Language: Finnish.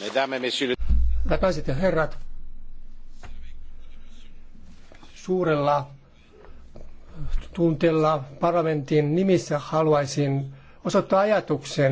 Hyvät naiset ja herrat, suurella tunteella parlamentin nimissä haluaisin osoittaa ajatukseni